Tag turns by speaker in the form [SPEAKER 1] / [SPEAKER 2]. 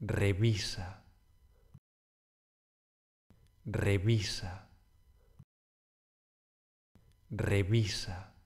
[SPEAKER 1] revisa, revisa, revisa.